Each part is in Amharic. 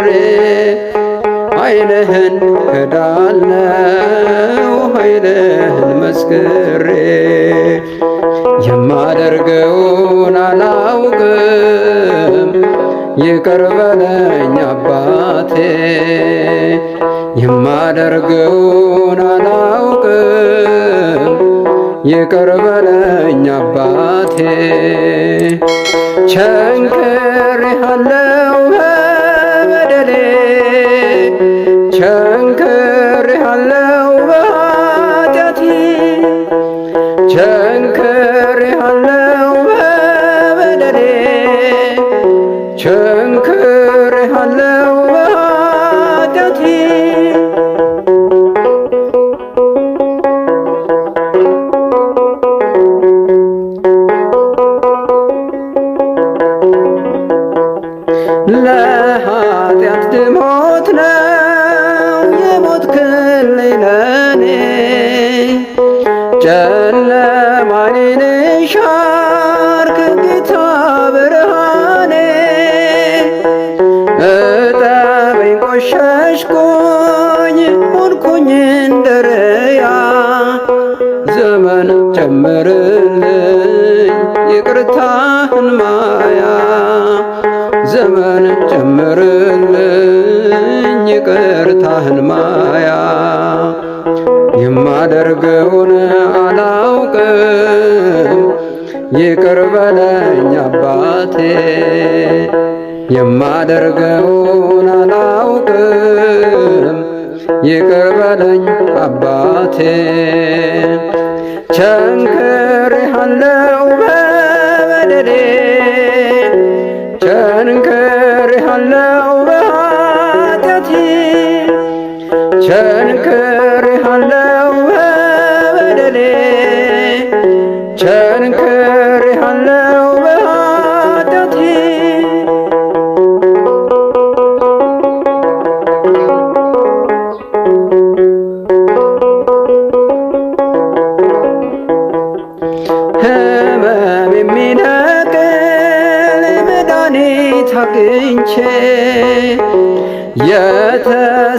አክብር ኃይልህን ክዳለው ኃይልህን መስክሬ የማደርገውን አላውቅም ይቅር በለኝ አባቴ የማደርገውን አላውቅም ይቅር በለኝ አባቴ ቸንክሬሃለው የጌታህን ማያ ዘመን ጨምርልኝ ይቅርታህን ማያ የማደርገውን አላውቅም ይቅር በለኝ አባቴ የማደርገውን አላውቅም ይቅር በለኝ አባቴ ቸንክሬሃለው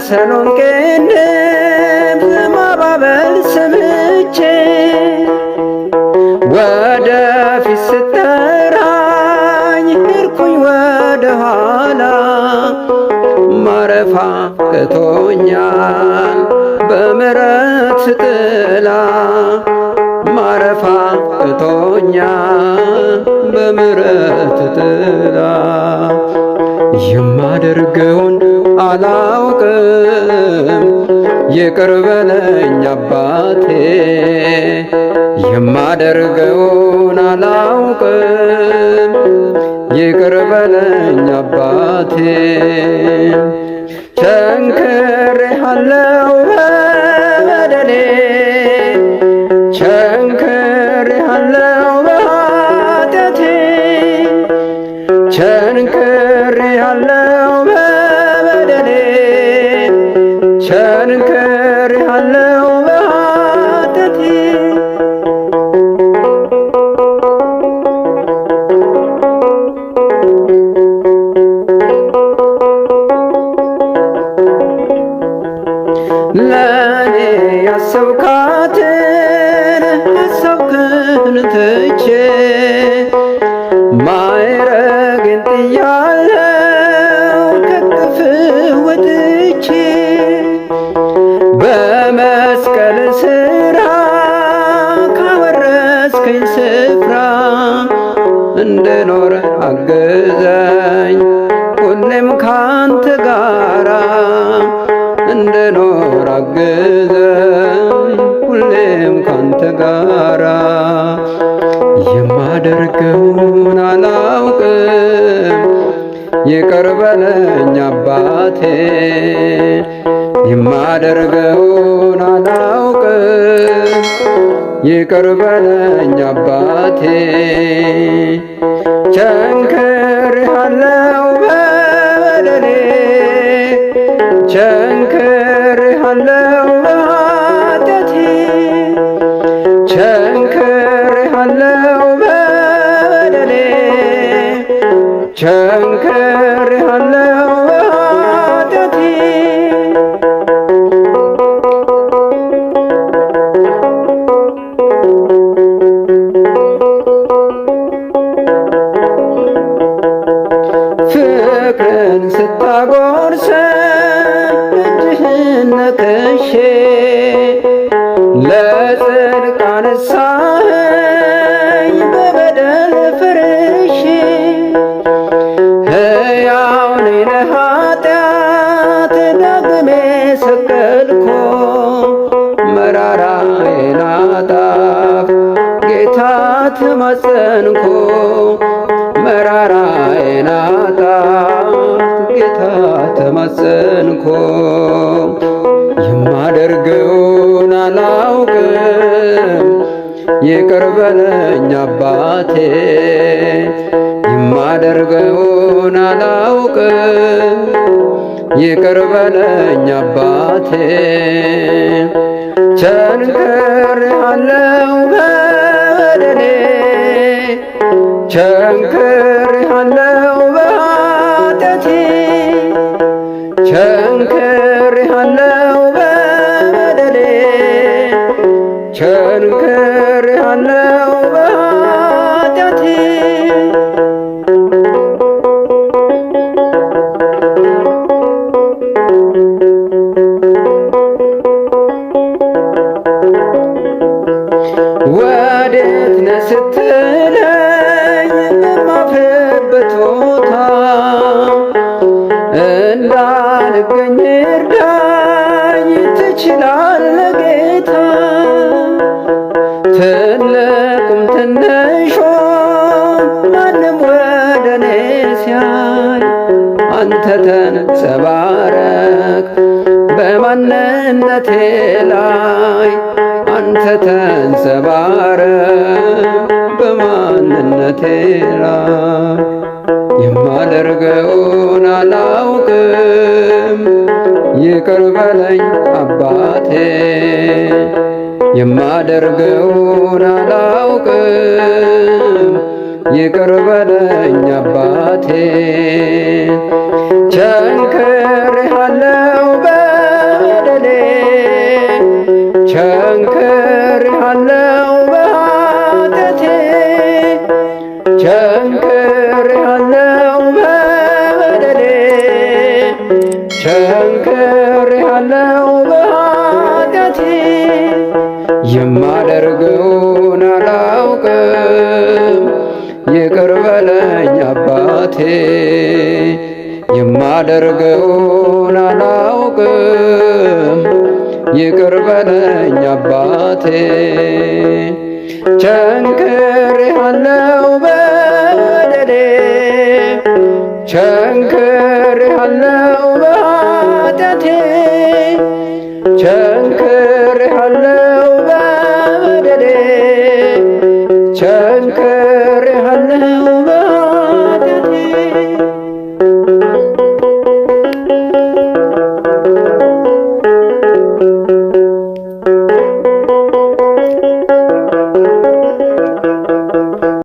ሰሎን ቅድም ማባበል ሰምቼ ወደፊት ስጠራኝ ርኩኝ ወደ ኋላ ማረፋ እቶኛል በምረት ጥላ ማረፋ እቶኛል በምረት ጥላ የማደርገውን አላውቅም ይቅር በለኝ አባቴ የማደርገውን አላውቅም ይቅር በለኝ አባቴ ቸንክሬሃለሁ ለኔ ያሰብካትን አሰብክን ትቼ ማይረግን ጥያለው ከቅፍ ወጥቼ በመስቀል ስራ ካወረስከኝ ስፍራ እንድኖር አገዘኝ ሁሌም ካንተ ጋር የምታግዘኝ ሁሌም ካንተ ጋራ የማደርገውን አላውቅም ይቅር በለኝ አባቴ የማደርገውን አላውቅም ይቅር በለኝ አባቴ ቸንክሬሃለው ቸንክር ያለው ኃጢአቴ ፍቅርን ስታጎርሰኝ እጅህን ነክሼ ስለ ኃጢአት ሰቀልኮ መራራ የናጣፍ ጌታ ተማጸንኮ መራራ የናጣፍ ጌታ ተማጸንኮ የማደርገውን አላውቅም ይቅር በለኝ አባቴ ይሁን አላውቅም። ይቅር በለኝ አባቴ ቸንክር ያለው በደሌ ቸንክር ያለው በኃጢአቴ ቸንክር ያለው በደሌ ቸንክር ያለው በኃጢአቴ ብትለይ ማፍርበት ቦታ እንዳልገኝ እርዳኝ፣ ትችላለህ ጌታ። ትልቁም ትንሹም ማንም ወደ እኔ ሲያይ አንተ ተንጸባረቅ በማንነቴ ላይ አንተ ተንጸባረቅ እውነቴና የማደርገውን አላውቅም፣ ይቅር በለኝ አባቴ። የማደርገውን አላውቅም፣ ይቅር በለኝ አባቴ። ቸንክሬሃለው በደሌ ቸንክ በኃጢአቴ የማደርገውን አላውቅም፣ ይቅር በለኝ አባቴ። የማደርገውን አላውቅም፣ ይቅር በለኝ አባቴ። ቸንክሬአለው በደሌ ቸንክሬአለው በኃጢአቴ Shankar.